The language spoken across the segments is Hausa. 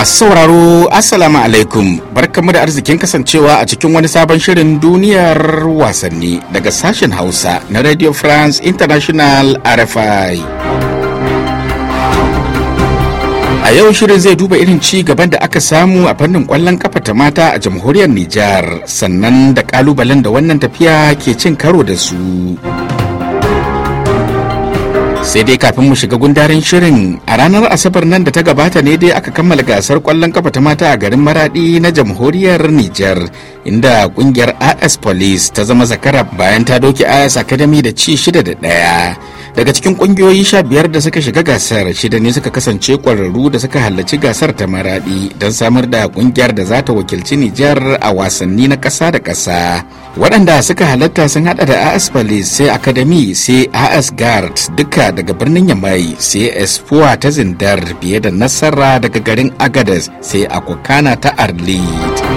Masu sauraro Assalamu alaikum barkamu da arzikin kasancewa a cikin wani sabon shirin duniyar wasanni daga sashen Hausa na Radio France International RFI. A yau shirin zai duba irin ci gaban da aka samu a fannin kwallon kafa ta mata a jamhuriyar Nijar sannan da kalubalen da wannan tafiya ke cin karo da su. sai dai kafin mu shiga gundarin shirin a ranar asabar nan da ta gabata ne dai aka kammala gasar kwallon kafa ta mata a garin maradi na jamhuriyar niger inda kungiyar as police ta zama zakara bayan ta doki as academy da ci shida da ɗaya daga cikin kungiyoyi sha biyar da suka shiga gasar shida ne suka kasance kwararru da suka halarci gasar ta maradi don samar da kungiyar da za ta wakilci nijar a wasanni na ƙasa da ƙasa waɗanda suka halatta sun hada da as police sai academy sai as guard duka daga birnin yamai sai espoa ta zindar biye da nasara daga garin agadas sai akwakana ta arlit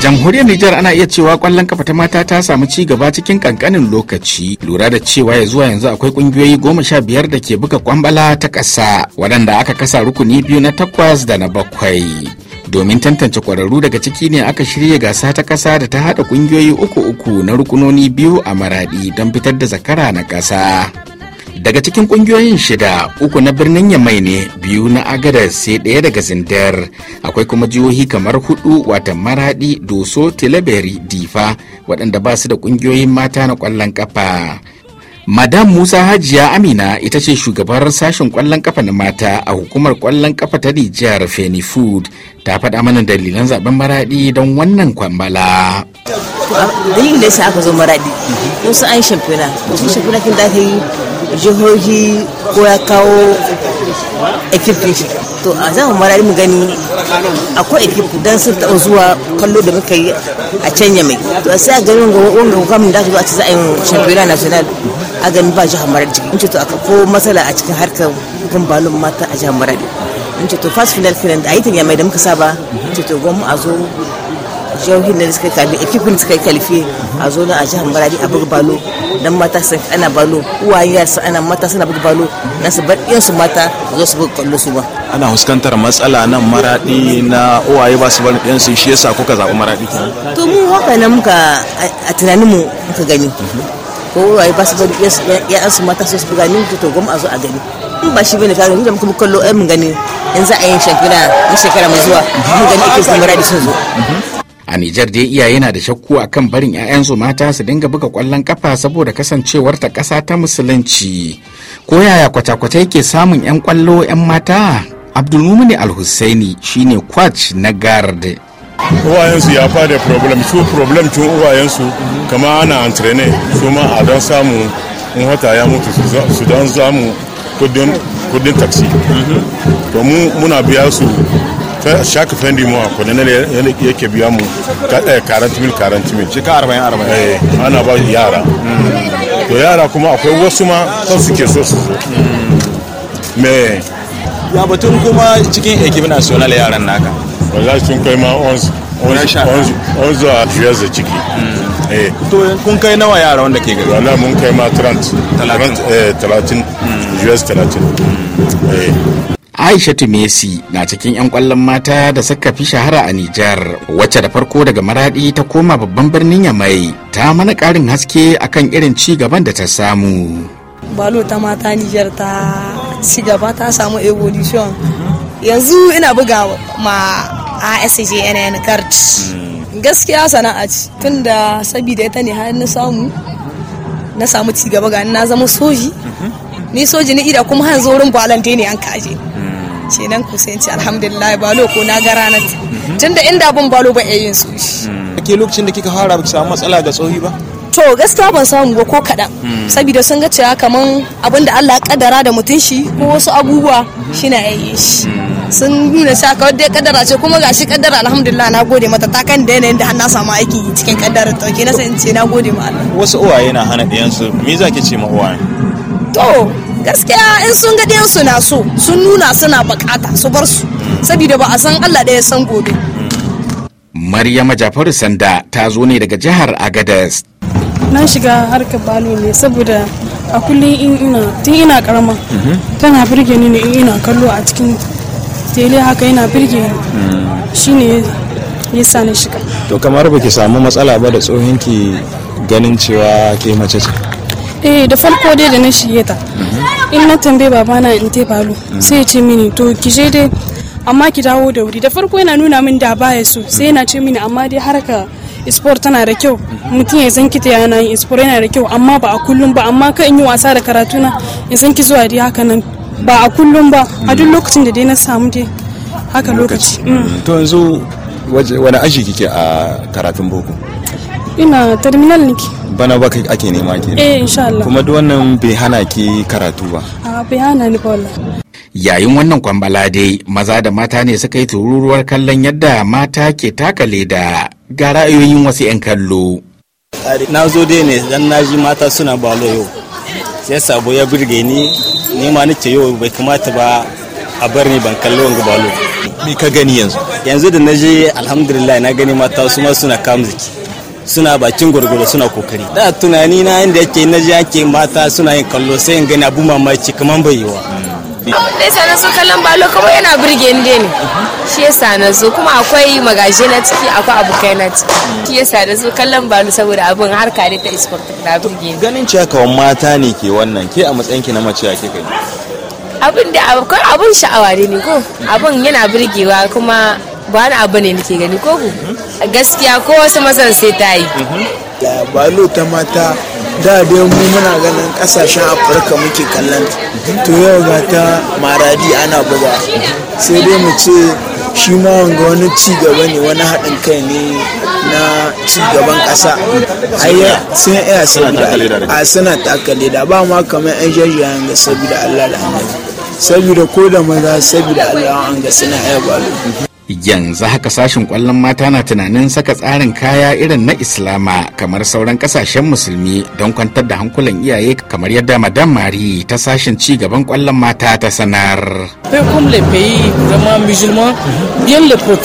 jamhuriyar Nijar ana iya cewa kwallon kafa ta mata ta samu ci gaba cikin kankanin lokaci lura da cewa ya zuwa yanzu akwai kungiyoyi goma sha biyar da ke buga kwambala ta ƙasa waɗanda aka kasa rukuni biyu na takwas da na bakwai. domin tantance kwararru daga ciki ne aka shirya gasa ta ƙasa da ta haɗa ƙungiyoyi uku uku na rukunoni biyu a maraɗi don fitar da zakara na ƙasa. daga cikin kungiyoyin shida uku na birnin yamai ne biyu na agada sai ɗaya daga zindar akwai kuma jihohi kamar hudu wata maradi doso tilaberi difa waɗanda ba su da kungiyoyin mata na ƙwallon ƙafa madam musa hajiya amina ita ce shugabar sashen ƙwallon kafa na mata a hukumar ƙwallon kafa ta nijar feni food ta faɗa mana dalilan zaben maradi don wannan kwambala dalilin da ya sa aka zo maradi musu an musu shafina kin da aka yi jihohi ko ya kawo ekipi to a za mu marari mu gani akwai ekip don sun taɓa zuwa kallo da muka yi a can yamai to a sai a gani wanga hukamin da aka zo a ci za a yi shampiyona national a gani ba jihar marari in ce to aka ko matsala a cikin harkar hukun balon mata a jihar marari in ce to fast final final a yi ta yamai da muka saba in ce to gwamnati a zo jihohin da suka kalli ekipin suka yi kalifi a zo na a jihar marari a buga balo dan mata su ana balo uwaye su ana mata suna buga balo dan su bar su mata zo su buga kallo su ba ana fuskantar matsala nan maradi na uwaye ba su yan su shi yasa kuka zaɓi maradi to mu haka nan muka a tunanin mu muka gani ko uwaye ba su bar yan su mata su su buga ni to goma a zo a gani in ba shi bane kaga da muka kallo ai mun gani in za a yi shekara in shekara mai zuwa mun gani ake su maradi sun zo a nijar dai iyaye na da shakku akan barin 'ya'yansu mata su dinga buga kwallon kafa saboda kasancewar ta ƙasa ta musulunci ko yaya kwata-kwata yake samun 'yan kwallo 'yan mata abdulmumini alhussaini shine kwach na gard uwayensu ya fada problem su problem tun uwayensu kama ana antrene su ma a don samu in hata ya mutu su don samu kudin taksi mhm. to mu muna biya su shaka fendi mu ko ne ne yake biya mu karanti mil karanti mil shi ka 40 eh, 40 eh ana ba yara to yara kuma akwai wasu ma kan suke so su zo hmm. me ya batun kuma cikin ekip national yaran naka wallahi sun kai ma 11 11 a fiye da ciki hmm. eh. to kun kai nawa yara wanda ke gari wallahi mun kai ma 30 30 eh 30 US 30 eh aishatu messi na cikin 'yan kwallon mata da suka fi shahara a nijar wacce da farko daga maradi ta koma babban birnin ya mai ta mana karin haske akan irin ci gaban da ta samu balo ta mata nijar ta ci gaba ta samu evolution yanzu ina buga ma asjnn card gaskiya sana'a tun da sabida ita ne har na samu na samu ci gaba ga na zama soji ni soji ni ida kuma hanzorin balante ne an kaje kenan ku sai ce alhamdulillah balo ko na ga ranar tunda inda bin balo ba yayin su shi hmm. ke lokacin da kika fara ba ki samu matsala ga tsohi ba to gaskiya ban samu ba ko kaɗan hmm. saboda sun ga cewa kaman abin da Allah ya kaddara da mutum shi ko wasu abubuwa hmm. shi na yayin shi sun nuna cewa kawai dai kaddara ce kuma gashi kaddara alhamdulillah na gode mata ta kan da yanayin da na samu aiki cikin kaddara ta ke na sai ce na gode ma Allah wasu uwaye na hana ɗiyansu me za ki ce ma uwaye to gaskiya in sun ga su na so sun nuna suna bukata su bar su saboda ba a san allah ɗaya san gobe maryama jafaru sanda ta zo ne daga jihar Agadez. na shiga harkar balo ne saboda a kullum in ina tun ina karama mhm. tana birge ni ne in ina kallo a cikin tele haka ina birge ni mm. shine sa na shiga to kamar ba ki samu matsala ba da tsohon ki ganin cewa ke mace ce eh da farko dai da na shige ta mhm. in na tambaye babana in te balo mm. sai ya ce mini to ki je dai amma ki dawo da wuri da farko yana nuna min da baya so sai yana ce mini amma dai haraka sport tana da kyau mm-hmm. mutum ya san kita yana yin sport yana da kyau amma ba a kullum ba amma ka in yi wasa da na in san ki zuwa dai haka nan ba a kullum ba a duk mm. lokacin da dai na samu dai haka lokaci mm. to yanzu wani aji kike a karatun boko ina terminal niki. bana baka ake nema ke eh insha Allah kuma duk wannan bai hana ki karatu ba a ah, bai hana ni ba yayin wannan kwambala dai maza da mata ne suka yi tururuwar kallon yadda mata ke taka leda ga ra'ayoyin wasu 'yan kallo na zo dai ne dan naji mata suna balo yau sai sabo ya birge ni ni ma nake yau bai kamata ba a bar ni ban kallo wanga balo me ka gani yanzu yanzu da naje alhamdulillah na gani mata su ma suna kamziki suna bakin gwargwado suna kokari da tunani na inda yake na ji ake mata suna yin kallo sai in gani abu mamaci kaman bai yi wa da yasa na so kallon balo kuma yana burge ni ne shi yasa na zo kuma akwai magaje na ciki akwai kai na ciki shi yasa na zo kallon balo saboda abin harka ne ta isport da burge ni ganin cewa kawai mata ne ke wannan ke a matsayin ki na mace ake kai abin da akwai abin sha'awa ne ko abin yana burgewa kuma ba wani abu ne nake gani ko ku gaskiya ko wasu mazan sai ta yi balo ta mata da dai mu muna ganin kasashen afirka muke kallon to yau ga ta maradi ana buga sai dai mu ce shi ma wanga wani cigaba ne wani haɗin kai ne na cigaban ƙasa ayya sun iya a suna takale da ba ma kamar yan jajiyayen ga saboda allah da saboda ko da maza saboda allah an ga suna iya balo yanzu haka sashen kwallon mata na tunanin saka tsarin kaya irin na islama kamar sauran kasashen musulmi don kwantar da hankulan iyaye kamar yadda madam mari ta sashen ci gaban kwallon mata ta sanar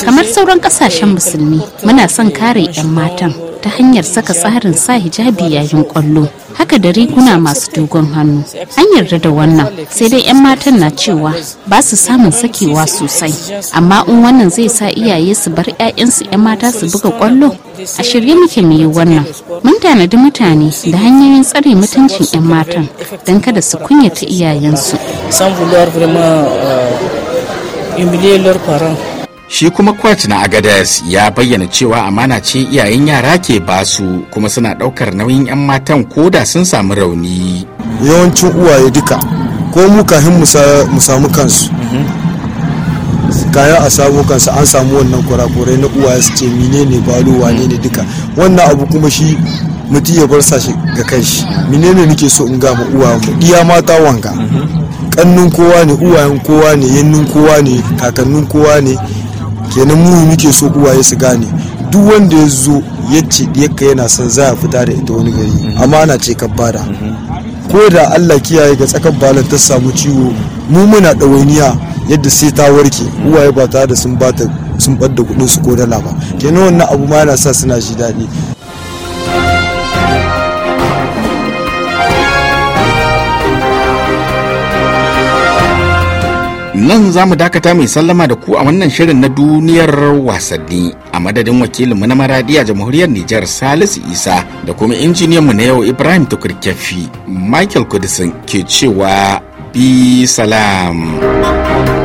kamar sauran kasashen musulmi muna son kare 'yan matan ta hanyar saka tsarin sa hijabi yayin kwallo haka da riguna masu dogon hannu an yarda da wannan sai dai 'yan matan na cewa ba su samun sakewa sosai amma in wannan zai sa iyaye su bar 'ya'yansu 'yan mata su buga kwallo a shirye muke mu yi wannan mun tanadi mutane da hanyoyin tsare mutuncin 'yan matan don kada su kunyata iyayensu shi kuma kwat na agadas ya bayyana cewa amana ce iyayen yara ke basu kuma suna ɗaukar nauyin 'yan matan koda sun samu rauni yawancin uwaye duka ko mu kahin mu samu kansu kayan a samu kansu an samu wannan kurakurai na uwaye su ce ne balo wane ne duka wannan abu kuma shi mutum ya bar sa shi ga kanshi ne nake so in ga ma uwa mu iya mata wanga kannun kowa ne uwayen kowa ne yannin kowa ne kakannin kowa ne kenan mu muke so ya su gane duk wanda ya zo ya ce yana son za a fita da ita wani gari mhm. amana ce ka bada mhm. ko da allah kiyaye ga tsakar balan ta samu ciwo mu muna ɗawainiya yadda sai ta warke mhm. uwaye ba ta da sun bata sun kuɗin su ko dala ba kenan wannan abu ma yana sa suna shi daɗi nan za mu dakata mai sallama da ku a wannan shirin na duniyar wasanni a madadin wakilinmu na maradiya jamhuriyar Nijar Salisu Isa da kuma injiniyanmu na yau Ibrahim Tukurkefi Michael Kudisin ke cewa bi salam.